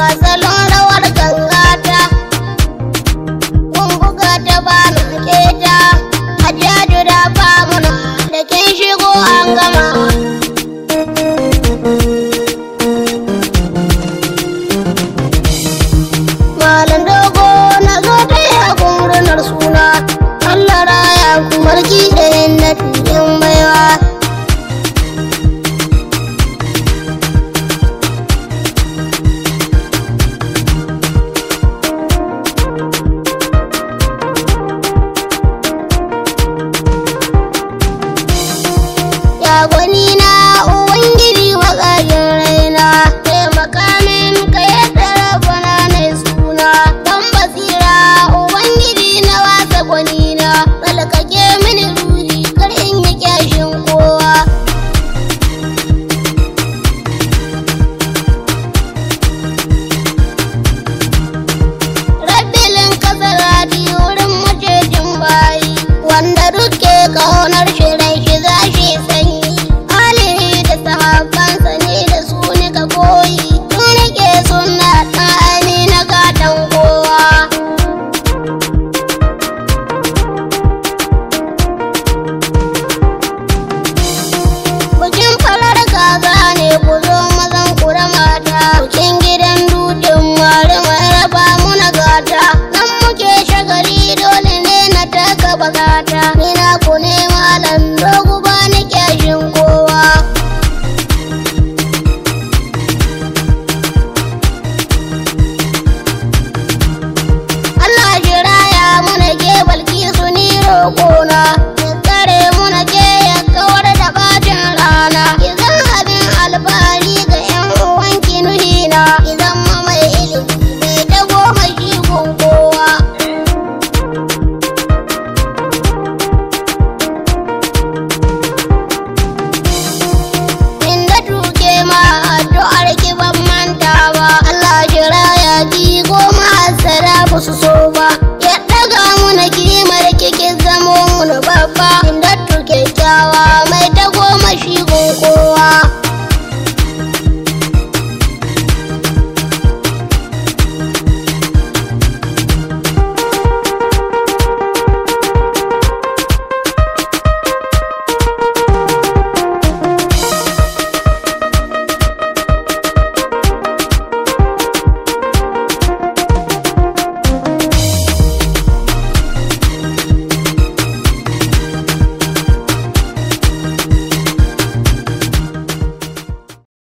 Cause the Lord wani bakata Mina ku ne malam dogu ba nake shin kowa Allah ya mana ke balki su ni roƙona